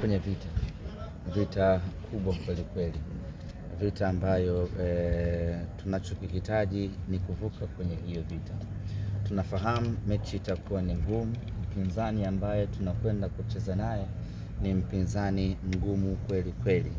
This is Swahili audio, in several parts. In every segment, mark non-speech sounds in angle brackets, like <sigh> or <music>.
kwenye vita, vita kubwa kweli kweli, vita ambayo e, tunachokihitaji ni kuvuka kwenye hiyo vita. Tunafahamu mechi itakuwa ni ngumu. Mpinzani ambaye tunakwenda kucheza naye ni mpinzani mgumu kweli kweli.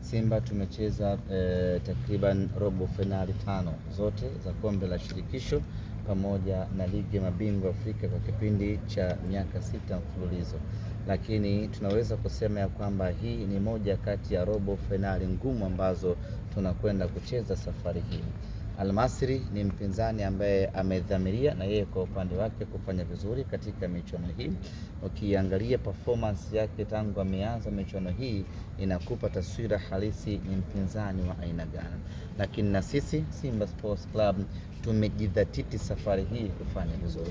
Simba tumecheza e, takriban robo fainali tano zote za kombe la shirikisho pamoja na ligi ya mabingwa Afrika kwa kipindi cha miaka sita mfululizo, lakini tunaweza kusema ya kwamba hii ni moja kati ya robo fainali ngumu ambazo tunakwenda kucheza safari hii. Almasri ni mpinzani ambaye amedhamiria na yeye kwa upande wake kufanya vizuri katika michuano hii. Ukiangalia performance yake tangu ameanza michuano hii inakupa taswira halisi ni mpinzani wa aina gani, lakini na sisi Simba Sports Club tumejidhatiti safari hii kufanya vizuri.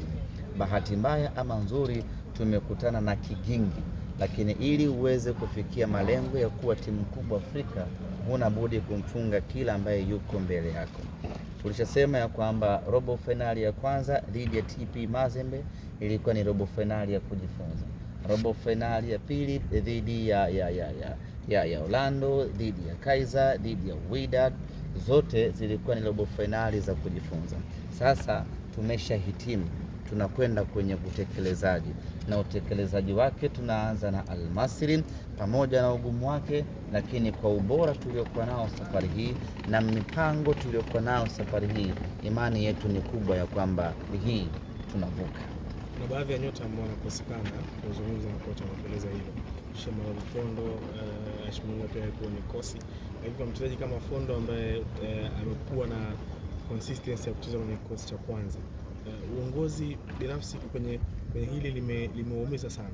Bahati mbaya ama nzuri, tumekutana na kigingi, lakini ili uweze kufikia malengo ya kuwa timu kubwa Afrika huna budi kumfunga kila ambaye yuko mbele yako. Tulishasema ya kwamba robo fainali ya kwanza dhidi ya TP Mazembe ilikuwa ni robo fainali ya kujifunza. Robo fainali ya pili dhidi ya, ya, ya, ya, ya, ya Orlando dhidi ya Kaizer dhidi ya Wydad zote zilikuwa ni robo fainali za kujifunza. Sasa tumeshahitimu tunakwenda kwenye utekelezaji, na utekelezaji wake tunaanza na Almasri pamoja na ugumu wake, lakini kwa ubora tuliokuwa nao safari hii na mipango tuliokuwa nao safari hii, imani yetu ni kubwa ya kwamba hii tunavuka. Na baadhi ya nyota ambao wanakosekana kuzungumza na kocha wanapeleza hilo, Shema Fondo eh, pia alikuwa ni kosi, lakini kwa mchezaji kama Fondo ambaye eh, amekuwa na consistency ya kucheza kwenye kikosi cha kwanza Eh, uongozi binafsi kwenye, kwenye hili limeumiza lime sana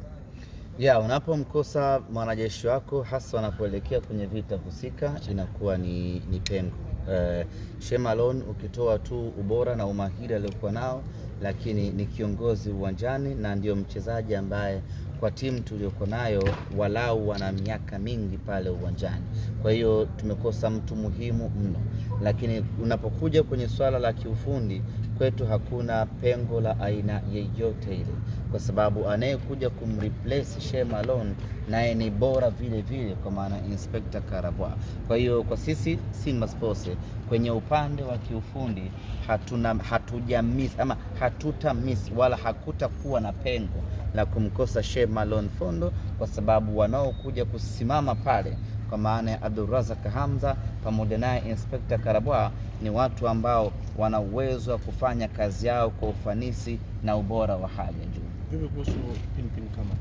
ya unapomkosa mwanajeshi wako hasa wanapoelekea kwenye vita husika, inakuwa ni, ni pengo uh, eh, Shemalon ukitoa tu ubora na umahiri aliokuwa nao, lakini ni kiongozi uwanjani na ndio mchezaji ambaye kwa timu tuliyoko nayo walau wana miaka mingi pale uwanjani. Kwa hiyo tumekosa mtu muhimu mno, lakini unapokuja kwenye swala la kiufundi kwetu hakuna pengo la aina yeyote ile, kwa sababu anayekuja kumreplace Sheikh Malone naye ni bora vile vile, kwa maana Inspector Karabwa. Kwa hiyo kwa sisi Simba Sports kwenye upande wa kiufundi hatuna hatuja miss ama hatuta miss wala hakutakuwa na pengo la kumkosa Sheikh Malone Fondo, kwa sababu wanaokuja kusimama pale kwa maana ya Abdulrazak Hamza pamoja naye Inspekta Karabwa ni watu ambao wana uwezo wa kufanya kazi yao kwa ufanisi na ubora wa hali ya juu. Vipi kuhusu Pinpin Kamara?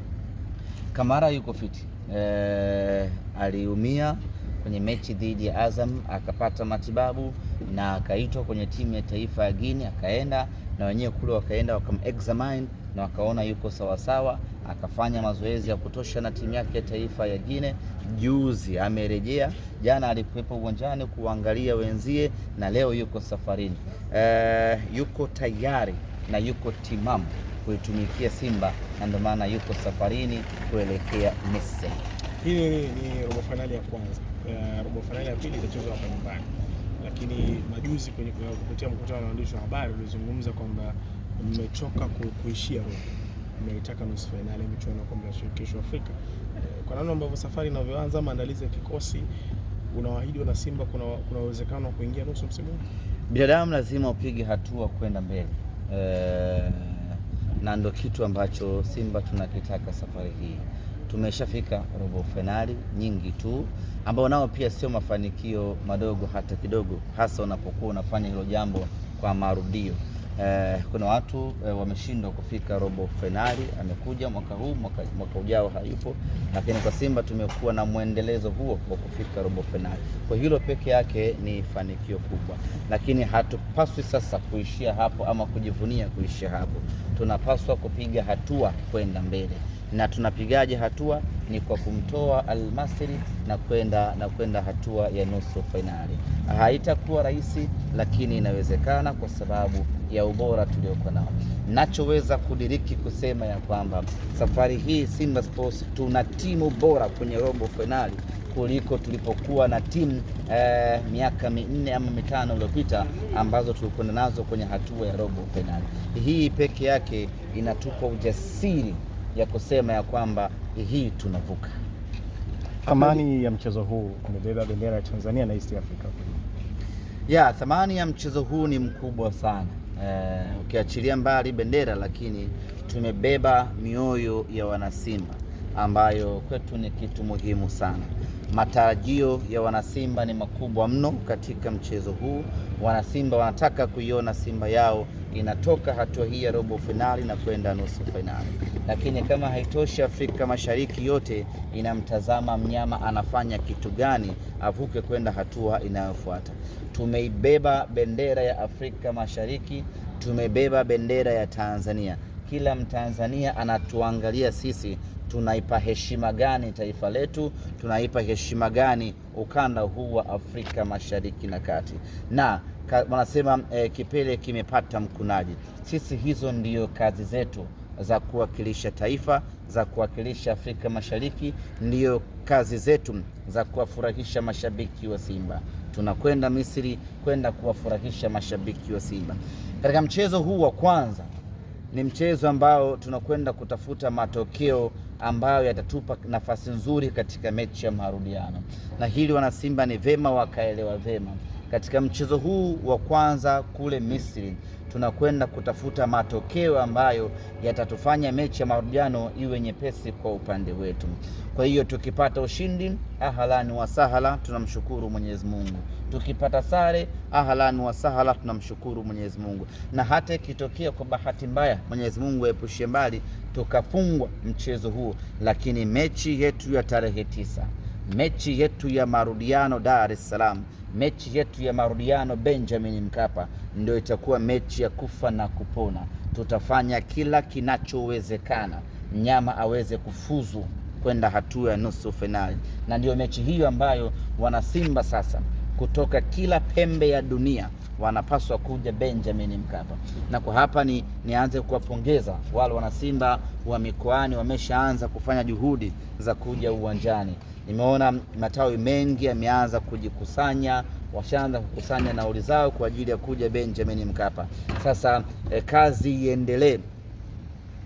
Kamara yuko fiti eh, aliumia kwenye mechi dhidi ya Azam akapata matibabu na akaitwa kwenye timu ya taifa ya Guinea, akaenda na wenyewe kule wakaenda wakam examine na wakaona yuko sawasawa sawa akafanya mazoezi ya kutosha na timu yake ya taifa ya Gine. Juzi amerejea, jana alikuwepo uwanjani kuangalia wenzie, na leo yuko safarini. E, yuko tayari na yuko timamu kuitumikia Simba na ndio maana yuko safarini kuelekea Misri. Hii ni robo fainali ya kwanza. Uh, robo fainali ya pili itachezwa hapa nyumbani, lakini majuzi kwenye kupitia mkutano wa waandishi wa habari ulizungumza kwamba mmechoka kuishia robo imeitaka nusu fainali michuano ya kombe la shirikisho Afrika. Eh, kwa namna ambavyo safari inavyoanza, maandalizi ya kikosi, unawaahidi wana Simba kuna kuna uwezekano wa kuingia nusu msimu? Binadamu lazima upige hatua kwenda mbele eh, na ndo kitu ambacho Simba tunakitaka safari hii. Tumeshafika robo fainali nyingi tu, ambao nao pia sio mafanikio madogo hata kidogo, hasa unapokuwa unafanya hilo jambo kwa marudio. Eh, kuna watu eh, wameshindwa kufika robo fainali. Amekuja mwaka huu, mwaka, mwaka ujao hayupo, lakini kwa Simba tumekuwa na mwendelezo huo wa kufika robo fainali. Kwa hilo peke yake ni fanikio kubwa, lakini hatupaswi sasa kuishia hapo ama kujivunia kuishia hapo. Tunapaswa kupiga hatua kwenda mbele, na tunapigaje hatua? Ni kwa kumtoa almasiri na kwenda na kwenda hatua ya nusu fainali. Haitakuwa rahisi, lakini inawezekana kwa sababu ya ubora tuliokuwa nao. Nachoweza kudiriki kusema ya kwamba safari hii Simba Sports tuna timu bora kwenye robo fainali kuliko tulipokuwa na timu eh, miaka minne ama mitano iliyopita ambazo tulikwenda nazo kwenye hatua ya robo fainali. Hii peke yake inatupa ujasiri ya kusema ya kwamba hii tunavuka. Thamani ya mchezo huu umebeba bendera ya Tanzania na East Africa. Ya, thamani ya mchezo huu ni mkubwa sana eh, ukiachilia mbali bendera, lakini tumebeba mioyo ya wanasimba ambayo kwetu ni kitu muhimu sana. Matarajio ya wanasimba ni makubwa mno katika mchezo huu. Wanasimba wanataka kuiona Simba yao inatoka hatua hii ya robo fainali na kwenda nusu fainali, lakini kama haitoshi, Afrika Mashariki yote inamtazama mnyama anafanya kitu gani avuke kwenda hatua inayofuata. Tumeibeba bendera ya Afrika Mashariki, tumebeba bendera ya Tanzania. Kila Mtanzania anatuangalia sisi tunaipa heshima gani taifa letu? Tunaipa heshima gani ukanda huu wa Afrika Mashariki na Kati? Na wanasema e, kipele kimepata mkunaji. Sisi hizo ndiyo kazi zetu za kuwakilisha taifa, za kuwakilisha Afrika Mashariki, ndiyo kazi zetu za kuwafurahisha mashabiki wa Simba. Tunakwenda Misri kwenda kuwafurahisha mashabiki wa Simba. Katika mchezo huu wa kwanza, ni mchezo ambao tunakwenda kutafuta matokeo ambayo yatatupa nafasi nzuri katika mechi ya marudiano, na hili wanasimba ni vema wakaelewa vema. Katika mchezo huu wa kwanza kule Misri tunakwenda kutafuta matokeo ambayo yatatufanya mechi ya marudiano iwe nyepesi kwa upande wetu. Kwa hiyo tukipata ushindi ahalani wa sahala, tunamshukuru Mwenyezi Mungu. Tukipata sare ahalani wa sahala, tunamshukuru Mwenyezi Mungu, na hata ikitokea kwa bahati mbaya, Mwenyezi Mungu aepushie mbali tukafungwa mchezo huo, lakini mechi yetu ya tarehe tisa, mechi yetu ya marudiano Dar es Salaam, mechi yetu ya marudiano Benjamin Mkapa ndio itakuwa mechi ya kufa na kupona. Tutafanya kila kinachowezekana mnyama aweze kufuzu kwenda hatua ya nusu fainali, na ndiyo mechi hiyo ambayo wanasimba sasa kutoka kila pembe ya dunia wanapaswa kuja Benjamin Mkapa. Na kwa hapa ni nianze kuwapongeza wale wanasimba wa mikoani, wameshaanza kufanya juhudi za kuja uwanjani. Nimeona matawi mengi yameanza kujikusanya, washaanza kukusanya nauli zao kwa ajili ya kuja Benjamin Mkapa. Sasa eh, kazi iendelee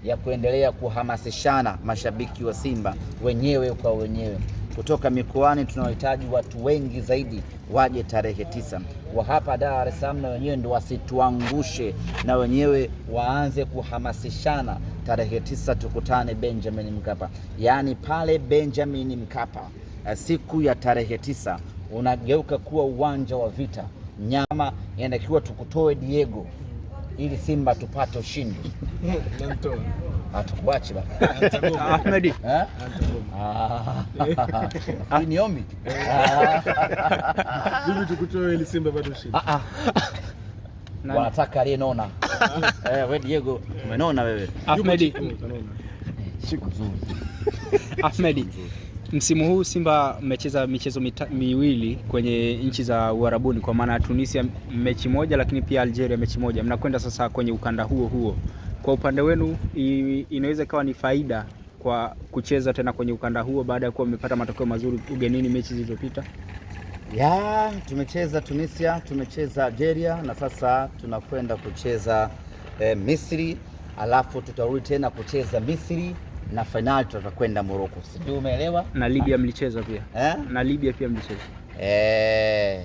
ya kuendelea kuhamasishana mashabiki wa Simba wenyewe kwa wenyewe kutoka mikoani. Tunawahitaji watu wengi zaidi waje tarehe tisa wa hapa Dar es Salaam na wenyewe ndio wasituangushe, na wenyewe waanze kuhamasishana. Tarehe tisa tukutane Benjamin Mkapa, yaani pale Benjamin Mkapa eh, siku ya tarehe tisa unageuka kuwa uwanja wa vita. Nyama inatakiwa tukutoe Diego ili Simba tupate ushindi. <laughs> Hatukuachi ba. Ahmed. <laughs> Eh? Ah. Ni Niombi. Bibi tukutoe ile Simba bado shida. Ah ah. Wanataka aliye aliyenona. <laughs> Eh, wewe Diego, umenona wewe. Ahmed. Mm, Siku nzuri. <laughs> Ahmed. Msimu huu Simba mmecheza michezo miwili kwenye nchi za Uarabuni kwa maana Tunisia mechi moja, lakini pia Algeria mechi moja. Mnakwenda sasa kwenye ukanda huo huo kwa upande wenu inaweza ikawa ni faida kwa kucheza tena kwenye ukanda huo baada ya kuwa mmepata matokeo mazuri ugenini mechi zilizopita? Ya, tumecheza Tunisia, tumecheza Algeria na sasa tunakwenda kucheza eh, Misri, alafu tutarudi tena kucheza Misri na fainali tutakwenda Morocco. Sijui umeelewa? Na Libya mlicheza pia eh? Na Libya pia mlicheza eh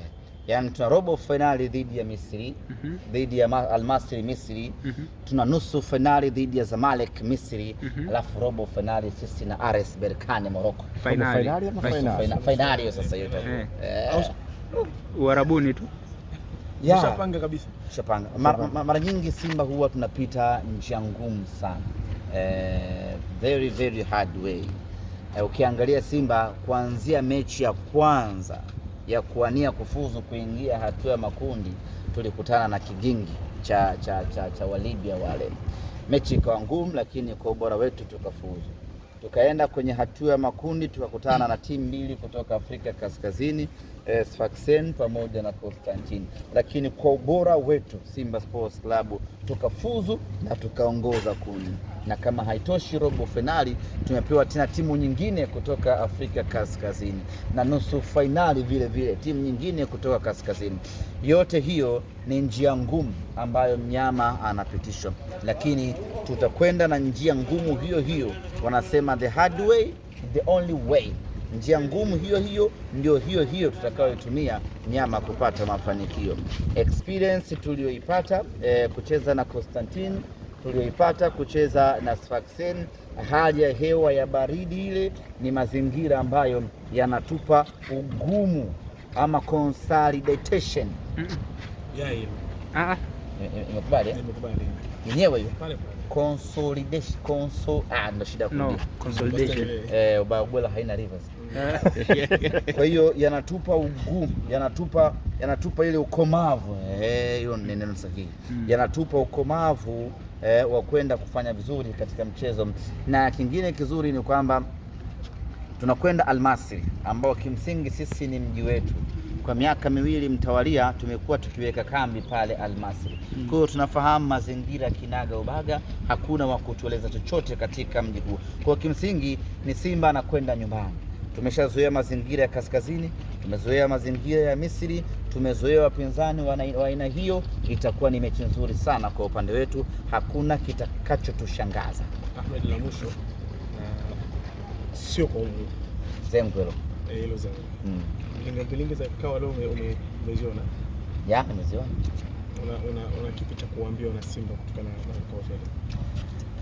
yani tuna robo fainali dhidi ya Misri mm -hmm. dhidi ya Almasri Misri mm -hmm. tuna nusu fainali dhidi ya Zamalek Misri mm -hmm. alafu robo fainali sisi na RS Berkane Morocco. Fainali hiyo sasa hiyo eh. Eh. Uarabuni tu ushapanga kabisa, ushapanga. Mara nyingi Simba huwa tunapita njia ngumu sana eh, very very hard way eh, ukiangalia Simba kuanzia mechi ya kwanza ya kuwania kufuzu kuingia hatua ya makundi tulikutana na kigingi cha, cha, cha, cha Walibya wale. Mechi ikawa ngumu, lakini kwa ubora wetu tukafuzu. Tukaenda kwenye hatua ya makundi tukakutana na timu mbili kutoka Afrika Kaskazini eh, Sfaxien pamoja na Constantine, lakini kwa ubora wetu Simba Sports Club tukafuzu na tukaongoza kundi na kama haitoshi, robo fainali tumepewa tena timu nyingine kutoka Afrika Kaskazini na nusu fainali vile vile timu nyingine kutoka Kaskazini. Yote hiyo ni njia ngumu ambayo mnyama anapitishwa, lakini tutakwenda na njia ngumu hiyo hiyo. Wanasema the hard way, the only way njia ngumu hiyo hiyo ndio hiyo hiyo tutakayotumia nyama kupata mafanikio. Experience tuliyoipata eh, kucheza na Constantine tulioipata kucheza na Sfaxien. Hali ya hewa ya baridi ile ni mazingira ambayo yanatupa ugumu ama consolidation ah, ah. Eh, eh, eh? imekubali yenyewe hiyo consolidation ah, ndo shida kubwa no, consolidation eh, ubagwela haina rivers. <laughs> Kwa hiyo yanatupa ugumu, yanatupa yanatupa ile ukomavu eh, hiyo neno sahihi, hmm. yanatupa ukomavu e, wa kwenda kufanya vizuri katika mchezo. Na kingine kizuri ni kwamba tunakwenda Almasri ambao kimsingi sisi ni mji wetu. Kwa miaka miwili mtawalia tumekuwa tukiweka kambi pale Almasri. Hmm. Kwa hiyo tunafahamu mazingira kinaga ubaga, hakuna wa kutueleza chochote katika mji huu. Kwa kimsingi ni Simba anakwenda nyumbani. Tumeshazoea mazingira ya kaskazini, tumezoea mazingira ya Misri, tumezoea wapinzani wa aina hiyo. Itakuwa ni mechi nzuri sana kwa upande wetu, hakuna kitakachotushangaza. Ahmed, la mwisho sio kwa umri eh, hilo mm. za leo umeziona ya una una una kipi cha kuambia wana Simba kutokana na vikao vile?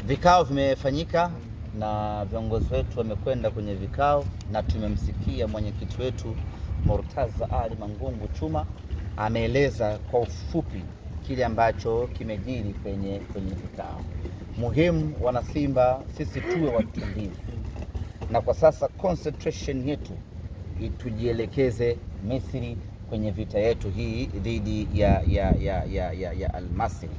Vikao vimefanyika na viongozi wetu wamekwenda kwenye vikao na tumemsikia mwenyekiti wetu Murtaza Ali Mangungu Chuma ameeleza kwa ufupi kile ambacho kimejiri kwenye kwenye vikao. Muhimu wanasimba, sisi tuwe watulivu, na kwa sasa concentration yetu tujielekeze Misri kwenye vita yetu hii dhidi ya, ya, ya, ya, ya, ya Almasri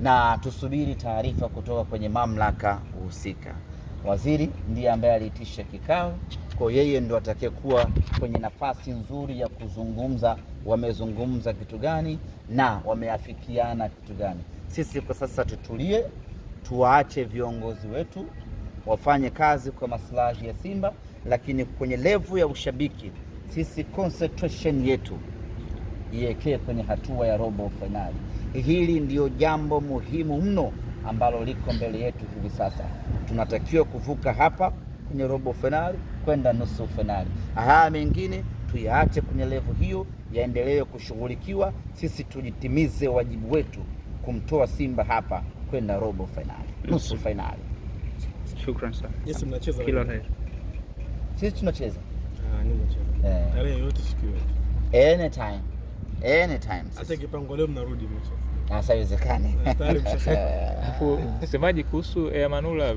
na tusubiri taarifa kutoka kwenye mamlaka husika. Waziri ndiye ambaye aliitisha kikao, kwa yeye ndo atakayekuwa kwenye nafasi nzuri ya kuzungumza wamezungumza kitu gani na wameafikiana kitu gani. Sisi kwa sasa tutulie, tuwaache viongozi wetu wafanye kazi kwa maslahi ya Simba, lakini kwenye levu ya ushabiki sisi concentration yetu iwekee kwenye hatua ya robo fainali. Hili ndiyo jambo muhimu mno ambalo liko mbele yetu hivi sasa tunatakiwa kuvuka hapa kwenye robo fainali kwenda nusu fainali. Haya mengine tuyaache kwenye levu hiyo, yaendelee kushughulikiwa. Sisi tujitimize wajibu wetu kumtoa Simba hapa kwenda robo fainali, nusu fainali. Shukrani sana. Yes, mnacheza kila Sisi tunacheza ah, eh. anytime, anytime. Sasa kipango leo mnarudi mchezo hasa iwezekane. Eh, <laughs> eh. Msemaji kuhusu Manula,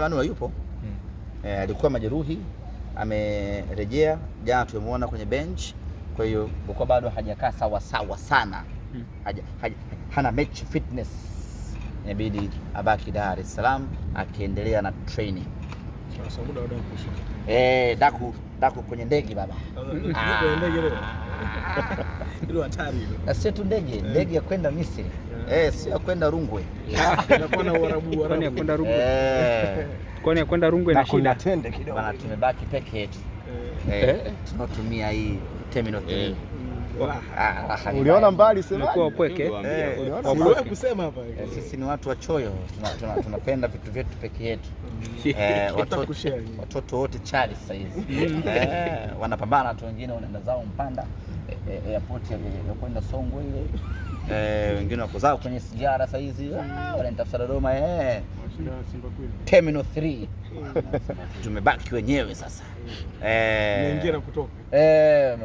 Manula yupo hmm. Eh, alikuwa hmm. E, majeruhi amerejea, jana tumemwona kwenye bench, kwa hiyo uko bado hajakaa sawa sawa sana hmm. haja, haja, hana match fitness, inabidi abaki Dar es Salaam akiendelea na training e, daku daku kwenye ndege baba <laughs> hilo hatari hilo. Na sio tu ndege, eh. ndege ya kwenda Misri. Eh, eh sio ya kwenda Rungwe. <laughs> Inakuwa na Uarabu, Uarabu ya kwenda Rungwe. Eh. Kwani ya kwenda Rungwe na shida. Tende kidogo. Bana tumebaki peke yetu. Eh. eh? Tunatumia hii terminal 3. Mm. Ah, ah, ah, Uliona mbali wapweke, kusema hapa sisi ni watu wachoyo, tunapenda vitu vyetu peke yetu. Mm. Watoto wote chali sasa hizi mm. wanapambana tu, wengine wanaenda zao Mpanda. E, e, airport ya kwenda Songwe ile <laughs> eh, wengine wako zao kwenye sijara saa hizi ah, wananitafuta Dodoma eh, Terminal 3 <laughs> tumebaki wenyewe sasa eh, eh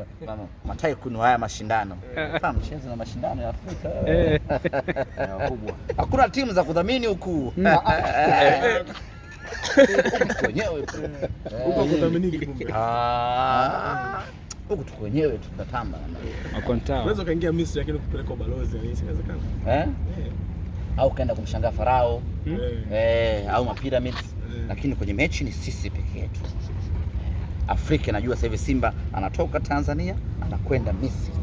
matai kunu haya mashindano kama eh. mchezo na mashindano ya Afrika <laughs> eh. kubwa, hakuna timu za kudhamini huku wenyewe huku tuko wenyewe tutatamba. Unaweza ukaingia Misri lakini kupeleka ubalozi inawezekana. Eh? eh. Au kaenda kumshangaa Farao hmm? eh, au mapyramids, eh. lakini kwenye mechi ni sisi peke yetu. Afrika najua sasa hivi Simba anatoka Tanzania anakwenda Misri.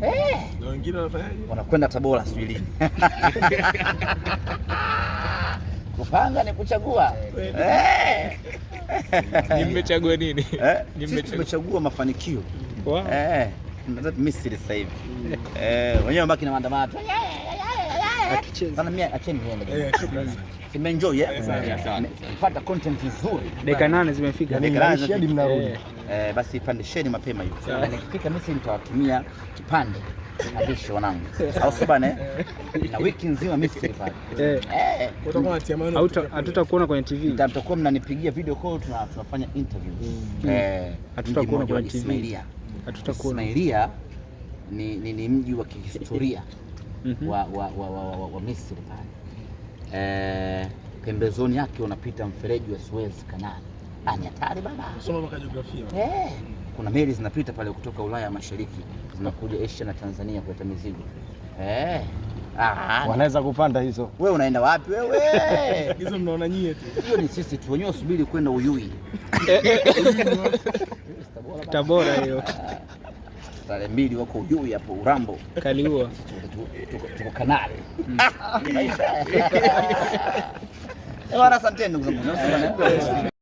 Eh, na wengine wanafanyaje? Wanakwenda Tabora sijui lini. <laughs> kupanga ni kuchagua. Eh. Nimechagua nini? Eh? Sisi tumechagua mafanikio. Eh. Misri sasa hivi wenyewe wabaki na maandamano. Acheni niende. Shukrani. Nimeenjoy nimepata eh? content nzuri, dakika nane zimefika, hadi mnarudi. Eh, eh, basi pandisheni mapema hiyo, nikifika mimi nitawatumia kipande Adishi wanangu. Au bana? Eh? Na wiki nzima mimi si pale. <laughs> Eh. kwenye TV. Mtakuwa mnanipigia video call tunafanya interview. Mm. Eh. Mm. kwenye TV. Ismailia ni ni mji wa kihistoria <laughs> mhm. wa wa wa wa Misri pale eh, pembezoni yake unapita mfereji wa Suez Canal. Ni hatari baba. soma kwa jiografia eh, kuna meli zinapita pale kutoka Ulaya ya Mashariki zinakuja Asia na Tanzania kuleta mizigo eh. Ah, wanaweza kupanda hizo. Wewe unaenda wapi wewe? <laughs> Hizo mnaona nyie tu. Hiyo ni sisi tu wenyewe, subiri kwenda Uyui <laughs> Tabora hiyo ah tarehe mbili wako juu hapo Urambo, kaliua tuko kanali. Mm. <laughs> <laughs> Asanteni ndugu zangu.